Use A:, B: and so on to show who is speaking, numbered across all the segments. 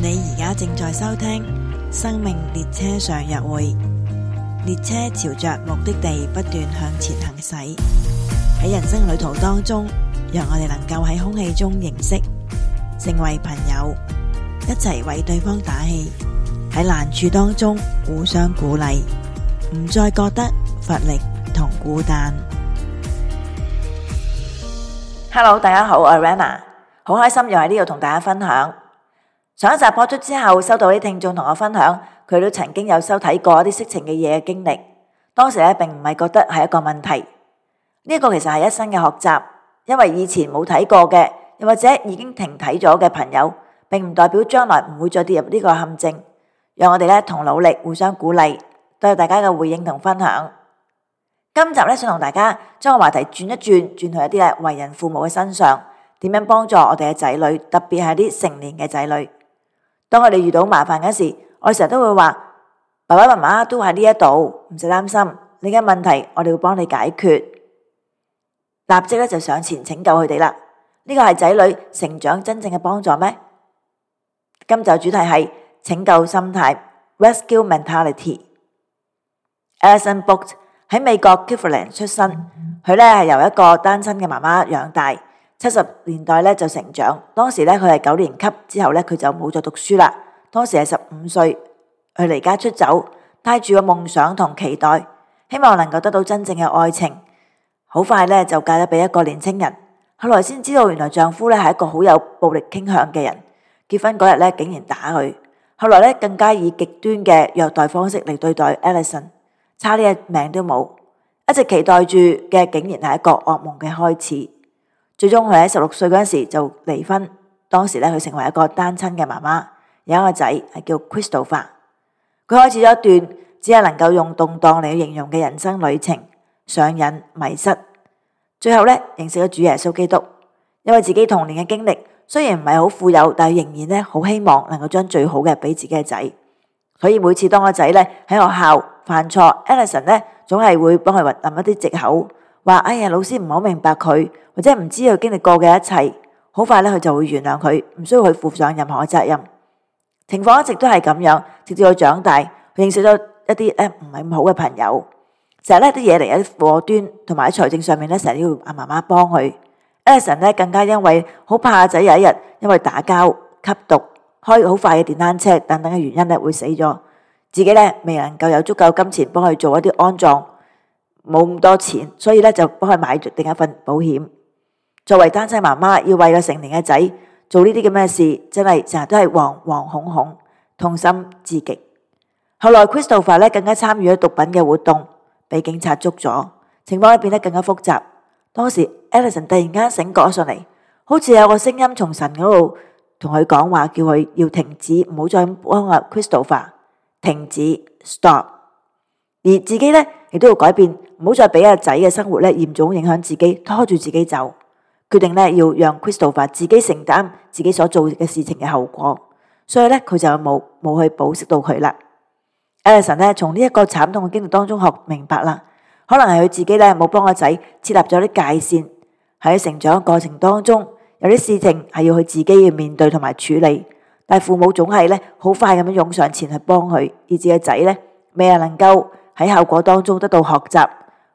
A: 你而家正在收聽《生命列車上約會》，列車朝着目的地不斷向前行駛。喺人生旅途當中，讓我哋能夠喺空氣中認識，成為朋友，一齊為對方打氣。喺難處當中互相鼓勵，唔再覺得乏力同孤單。Hello，大家好，我係 Rana，好開心又喺呢度同大家分享。上一集播出之後，收到啲聽眾同我分享，佢都曾經有收睇過一啲色情嘅嘢嘅經歷。當時呢，並唔係覺得係一個問題，呢個其實係一生嘅學習，因為以前冇睇過嘅，又或者已經停睇咗嘅朋友，並唔代表將來唔會再跌入呢個陷阱。讓我哋呢，同努力互相鼓勵，多謝大家嘅回應同分享。今集呢，想同大家將個話題轉一轉，轉去一啲咧為人父母嘅身上，點樣幫助我哋嘅仔女，特別係啲成年嘅仔女。當我哋遇到麻煩嘅時候，我成日都會話，爸爸媽媽都喺呢一度，唔使擔心。你嘅問題，我哋會幫你解決。立即咧就上前拯救佢哋啦。呢、這個係仔女成長真正嘅幫助咩？今集主題係拯救心態 （Rescue Mentality）。Mm hmm. Allison Bottke 喺美國 Cleveland 出生，佢咧係由一個單身嘅媽媽養大。七十年代咧就成長，當時咧佢係九年級，之後咧佢就冇再讀書啦。當時係十五歲，佢離家出走，帶住個夢想同期待，希望能夠得到真正嘅愛情。好快咧就嫁咗俾一個年青人，後來先知道原來丈夫咧係一個好有暴力傾向嘅人。結婚嗰日咧竟然打佢，後來咧更加以極端嘅虐待方式嚟對待 Allison，差啲命都冇。一直期待住嘅竟然係一個噩夢嘅開始。最終佢喺十六歲嗰陣時就離婚，當時咧佢成為一個單親嘅媽媽，有一個仔係叫 Christopher。佢開始咗一段只係能夠用動盪嚟形容嘅人生旅程，上癮迷失，最後咧認識咗主耶穌基督。因為自己童年嘅經歷，雖然唔係好富有，但係仍然咧好希望能夠將最好嘅俾自己嘅仔。所以每次當個仔咧喺學校犯錯，Allison 咧總係會幫佢揾一啲藉口。話，哎呀，老師唔好明白佢，或者唔知佢經歷過嘅一切，好快咧佢就會原諒佢，唔需要佢負上任何嘅責任。情況一直都係咁樣，直至佢長大，佢認識咗一啲咧唔係咁好嘅朋友，成日咧啲嘢嚟一啲禍端同埋喺財政上面咧成日都要阿媽媽幫佢。Allison 咧更加因為好怕仔有一日因為打交、吸毒、開好快嘅電單車等等嘅原因咧會死咗，自己咧未能夠有足夠金錢幫佢做一啲安葬，冇咁多錢，所以咧就幫佢買定一份保險。作為單親媽媽，要為個成年嘅仔做呢啲咁嘅事，真係成日都係惶惶恐恐、痛心至極。後來 Christopher 更加參與咗毒品嘅活動，被警察捉咗，情況變得更加複雜。當時 Allison 突然間醒覺咗上嚟，好似有個聲音從神嗰度同佢講話，叫佢要停止，唔好再幫阿 Christopher 停止，stop。而自己咧亦都要改變。唔好再俾阿仔嘅生活咧，嚴重影響自己，拖住自己走。決定咧要讓 Christopher 自己承擔自己所做嘅事情嘅後果。所以咧，佢就冇冇去保釋到佢啦。Allison 咧，從呢一個慘痛嘅經歷當中學明白啦。可能係佢自己咧冇幫阿仔設立咗啲界線，喺成長過程當中有啲事情係要去自己要面對同埋處理，但父母總係咧好快咁樣湧上前去幫佢，以至阿仔咧未能夠喺後果當中得到學習。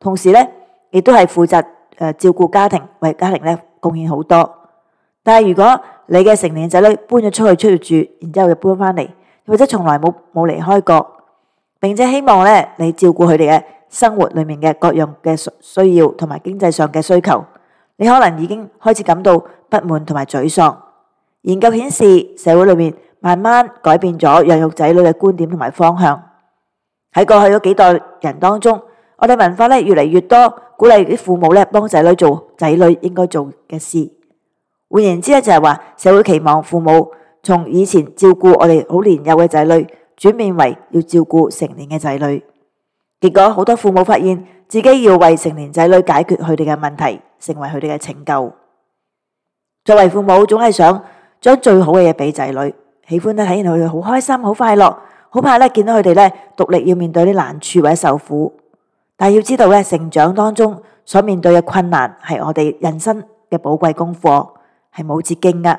A: 同時呢，亦都係負責誒照顧家庭，為家庭呢貢獻好多。但係如果你嘅成年仔女搬咗出去出去住，然之後又搬翻嚟，或者從來冇冇離開過，並且希望呢你照顧佢哋嘅生活裏面嘅各樣嘅需需要，同埋經濟上嘅需求，你可能已經開始感到不滿同埋沮喪。研究顯示，社會裏面慢慢改變咗養育仔女嘅觀點同埋方向。喺過去嗰幾代人當中，我哋文化咧越嚟越多鼓勵啲父母咧幫仔女做仔女應該做嘅事。換言之咧就係話，社會期望父母從以前照顧我哋好年幼嘅仔女，轉變為要照顧成年嘅仔女。結果好多父母發現自己要為成年仔女解決佢哋嘅問題，成為佢哋嘅拯救。作為父母，總係想將最好嘅嘢俾仔女，喜歡咧睇見佢哋好開心、好快樂，好怕咧見到佢哋咧獨力要面對啲難處或者受苦。但係要知道咧，成長當中所面對嘅困難係我哋人生嘅寶貴功課，係冇捷徑嘅。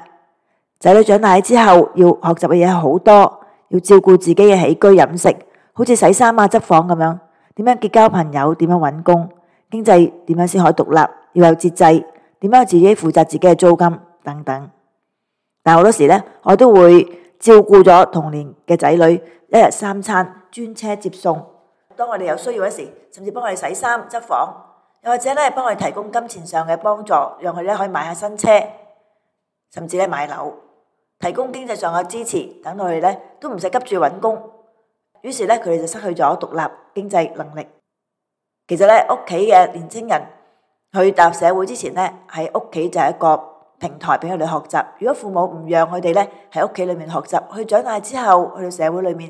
A: 仔女長大之後，要學習嘅嘢好多，要照顧自己嘅起居飲食，好似洗衫啊、執房咁樣，點樣結交朋友，點樣搵工，經濟點樣先可以獨立，要有節制，點樣自己負責自己嘅租金等等。但好多時呢，我都會照顧咗童年嘅仔女，一日三餐，專車接送。當我哋有需要嗰時，甚至幫我哋洗衫、執房，又或者咧幫我哋提供金錢上嘅幫助，讓佢咧可以買下新車，甚至咧買樓，提供經濟上嘅支持，等到佢哋咧都唔使急住揾工。於是咧佢哋就失去咗獨立經濟能力。其實咧屋企嘅年青人去踏入社會之前咧，喺屋企就係一個平台俾佢哋學習。如果父母唔讓佢哋咧喺屋企裏面學習，去長大之後去到社會裏面。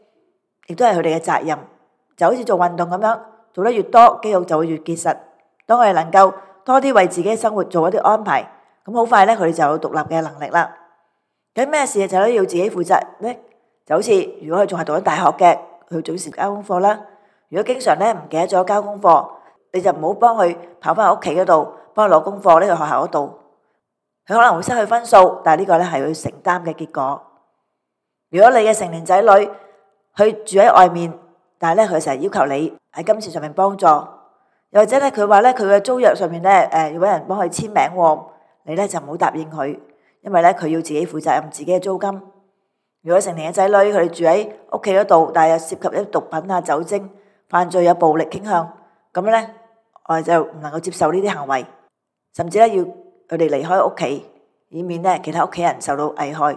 A: 亦都係佢哋嘅責任，就好似做運動咁樣，做得越多，肌肉就會越結實。當我哋能夠多啲為自己嘅生活做一啲安排，咁好快咧，佢哋就有獨立嘅能力啦。咁咩事就都要自己負責咧？就好似如果佢仲係讀緊大學嘅，佢準時交功課啦。如果經常咧唔記得咗交功課，你就唔好幫佢跑翻去屋企嗰度幫佢攞功課呢個學校嗰度，佢可能會失去分數，但係呢個咧係佢要承擔嘅結果。如果你嘅成年仔女，佢住喺外面，但係咧，佢成日要求你喺金錢上面幫助，又或者咧，佢話咧佢嘅租約上面咧，誒要揾人幫佢簽名，你咧就唔好答應佢，因為咧佢要自己負責任，自己嘅租金。如果成年嘅仔女佢哋住喺屋企嗰度，但係又涉及一啲毒品啊、酒精、犯罪、有暴力傾向，咁咧我哋就唔能夠接受呢啲行為，甚至咧要佢哋離開屋企，以免咧其他屋企人受到危害。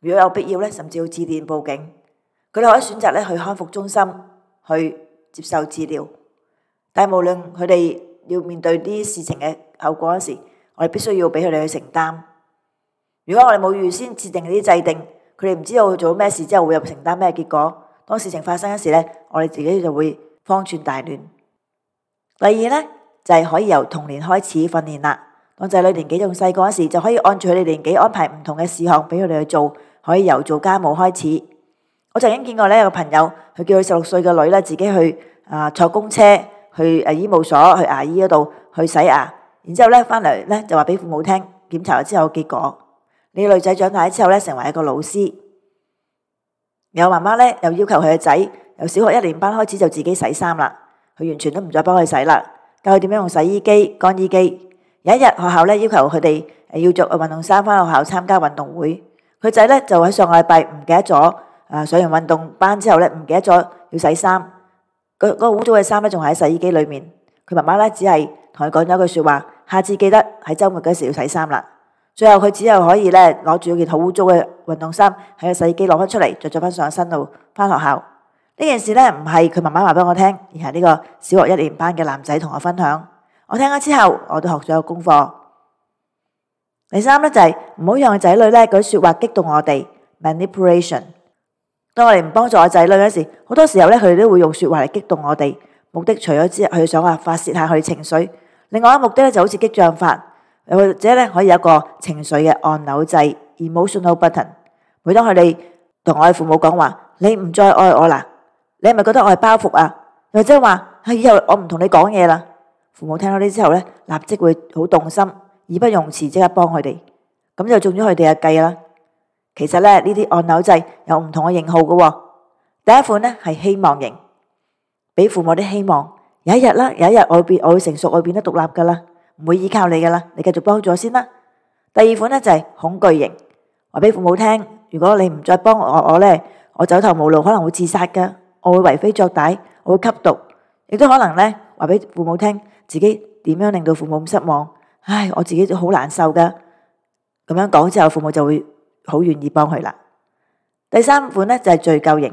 A: 如果有必要咧，甚至要致電報警。佢哋可以選擇咧去康復中心去接受治療，但係無論佢哋要面對啲事情嘅後果嗰時，我哋必須要俾佢哋去承擔。如果我哋冇預先設定啲制定，佢哋唔知道做咗咩事之後會有承擔咩結果。當事情發生嗰時咧，我哋自己就會方寸大亂。第二咧就係可以由童年開始訓練啦。當仔女年紀仲細個嗰時，就可以按照佢哋年紀安排唔同嘅事項俾佢哋去做，可以由做家務開始。我曾經見過咧，有個朋友，佢叫佢十六歲嘅女咧，自己去啊，坐公車去誒醫務所去牙醫嗰度去洗牙，然之後咧翻嚟咧就話俾父母聽檢查咗之後結果，呢個女仔長大咗之後咧成為一個老師。有媽媽咧又要求佢嘅仔由小學一年班開始就自己洗衫啦，佢完全都唔再幫佢洗啦，教佢點樣用洗衣機、乾衣機。有一日學校咧要求佢哋誒要着運動衫翻學校參加運動會，佢仔咧就喺上禮拜唔記得咗。啊！上完運動班之後咧，唔記得咗要洗衫，個污糟嘅衫咧，仲喺洗衣機裏面。佢媽媽咧只係同佢講咗一句説話：下次記得喺週末嗰時要洗衫啦。最後佢只係可以咧攞住件好污糟嘅運動衫喺個洗衣機攞翻出嚟，著咗翻上身度翻學校。呢件事咧唔係佢媽媽話俾我聽，而係呢個小學一年班嘅男仔同我分享。我聽咗之後，我都學咗個功課。第三咧就係唔好讓仔女咧舉説話激動我哋 manipulation。Man 當我哋唔幫助我仔女嗰時，好多時候咧，佢哋都會用說話嚟激動我哋，目的除咗之後，佢想話發洩下佢哋情緒，另外一個目的咧就好似激將法，或者咧可以有個情緒嘅按鈕掣，emotional button。每當佢哋同我哋父母講話，你唔再愛我啦，你係咪覺得我係包袱啊？又或者話以後我唔同你講嘢啦？父母聽到呢啲之後咧，立即會好動心，義不容辭，即刻幫佢哋，咁就中咗佢哋嘅計啦。其實咧呢啲按鈕掣有唔同嘅型號嘅，第一款咧係希望型，俾父母啲希望，有一日啦，有一日我會變，我會成熟，我會變得獨立噶啦，唔會依靠你噶啦，你繼續幫助先啦。第二款咧就係恐懼型，話俾父母聽，如果你唔再幫我我咧，我走投無路，可能會自殺噶，我會為非作歹，我會吸毒，亦都可能咧話俾父母聽，自己點樣令到父母咁失望，唉，我自己都好難受噶。咁樣講之後，父母就會。好願意幫佢啦。第三款呢，就係、是、罪疚型，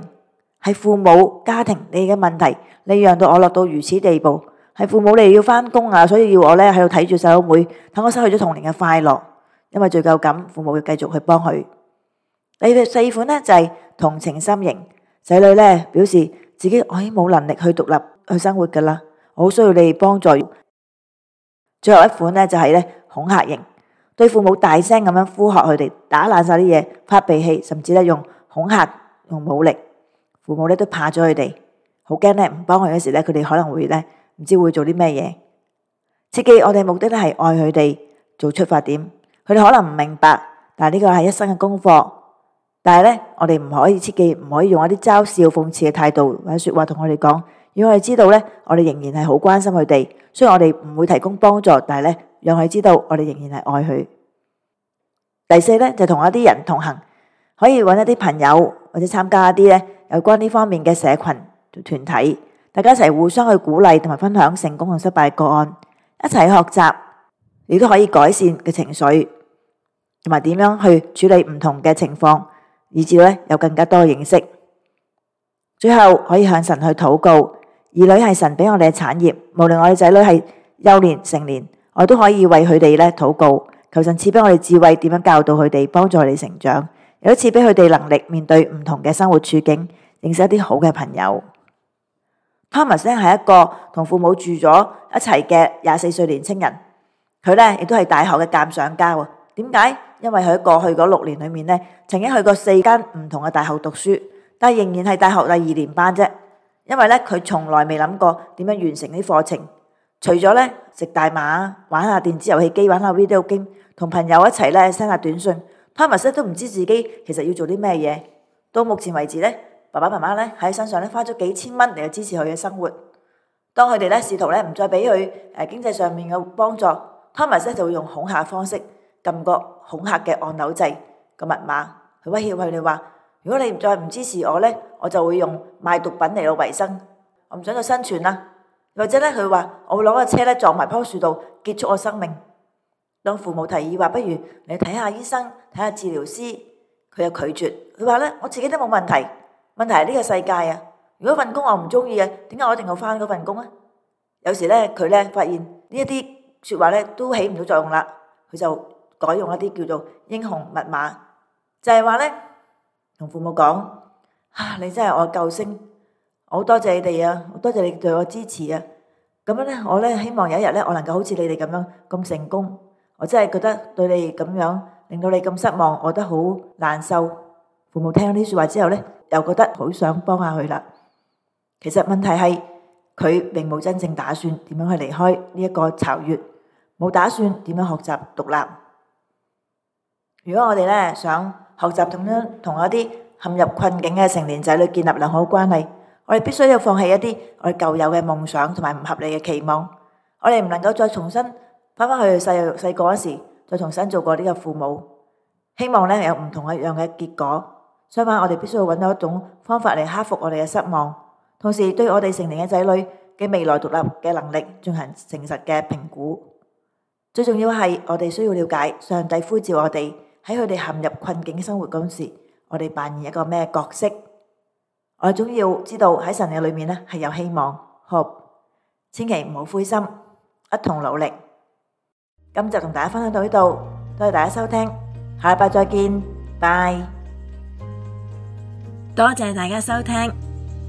A: 係父母家庭你嘅問題，你讓到我落到如此地步，係父母你要翻工啊，所以要我呢喺度睇住細佬妹，等我失去咗童年嘅快樂。因為罪疚感，父母要繼續去幫佢。第四款呢，就係、是、同情心型，仔女呢表示自己我已經冇能力去獨立去生活噶啦，我好需要你哋幫助。最後一款呢，就係、是、呢恐嚇型。對父母大聲咁樣呼喝佢哋，打爛晒啲嘢，發脾氣，甚至咧，用恐吓用武力，父母咧，都怕咗佢哋，好驚咧唔幫佢哋嗰時咧，佢哋可能會咧，唔知會做啲咩嘢。切記我哋目的咧，係愛佢哋做出發點，佢哋可能唔明白，但係呢個係一生嘅功課。但係咧，我哋唔可以切記，唔可以用一啲嘲笑諷刺嘅態度或者說話同佢哋講。讓我哋知道咧，我哋仍然係好關心佢哋。雖然我哋唔會提供幫助，但係咧，讓佢知道我哋仍然係愛佢。第四咧就同一啲人同行，可以搵一啲朋友或者參加一啲咧有關呢方面嘅社群團體，大家一齊互相去鼓勵同埋分享成功同失敗個案，一齊學習，亦都可以改善嘅情緒，同埋點樣去處理唔同嘅情況，以致咧有更加多嘅認識。最後可以向神去禱告。兒女係神俾我哋嘅產業，無論我哋仔女係幼年、成年，我都可以為佢哋咧禱告，求神賜俾我哋智慧，點樣教導佢哋，幫助佢哋成長，又賜俾佢哋能力，面對唔同嘅生活處境，認識一啲好嘅朋友。Thomas 咧係一個同父母住咗一齊嘅廿四歲年青人，佢咧亦都係大學嘅鑑賞家。點解？因為佢喺過去嗰六年裏面咧，曾經去過四間唔同嘅大學讀書，但係仍然係大學第二年班啫。因為咧，佢從來未諗過點樣完成啲課程，除咗咧食大麻、玩下電子遊戲機、玩下 video game，同朋友一齊咧 send 下短信。Thomas 咧都唔知自己其實要做啲咩嘢。到目前為止咧，爸爸媽媽咧喺身上咧花咗幾千蚊嚟支持佢嘅生活。當佢哋咧試圖咧唔再俾佢誒經濟上面嘅幫助，Thomas 咧就會用恐嚇方式撳個恐嚇嘅按鈕掣個密碼，去威脅佢哋話。如果你再唔支持我呢，我就會用賣毒品嚟到維生，我唔想再生存啦。或者咧，佢話我會攞架車咧撞埋棵樹度結束我生命。當父母提議話，不如你睇下醫生，睇下治療師，佢又拒絕。佢話咧，我自己都冇問題。問題係呢個世界啊，如果份工我唔中意嘅，點解我一定要翻嗰份工啊？有時咧，佢咧發現呢一啲說話咧都起唔到作用啦，佢就改用一啲叫做英雄密碼，就係話咧。同父母講，吓，你真係我救星，我好多謝你哋啊，好多謝你對我支持啊。咁樣咧，我咧希望有一日咧，我能夠好似你哋咁樣咁成功。我真係覺得對你咁樣，令到你咁失望，我覺得好難受。父母聽呢啲說話之後咧，又覺得好想幫下佢啦。其實問題係佢並冇真正打算點樣去離開呢一個巢穴，冇打算點樣學習獨立。如果我哋咧想，學習點樣同一啲陷入困境嘅成年仔女建立良好關係，我哋必須要放棄一啲我哋舊有嘅夢想同埋唔合理嘅期望，我哋唔能夠再重新翻返去細細個嗰時，再重新做過呢個父母。希望咧有唔同一樣嘅結果。相反，我哋必須要搵到一種方法嚟克服我哋嘅失望，同時對我哋成年嘅仔女嘅未來獨立嘅能力進行誠實嘅評估。最重要係我哋需要了解上帝呼召我哋。喺佢哋陷入困境嘅生活嗰時，我哋扮演一個咩角色？我哋總要知道喺神嘅裏面咧係有希望，好，千祈唔好灰心，一同努力。咁就同大家分享到呢度，多謝大家收聽，下禮拜再見，拜，多謝大家收聽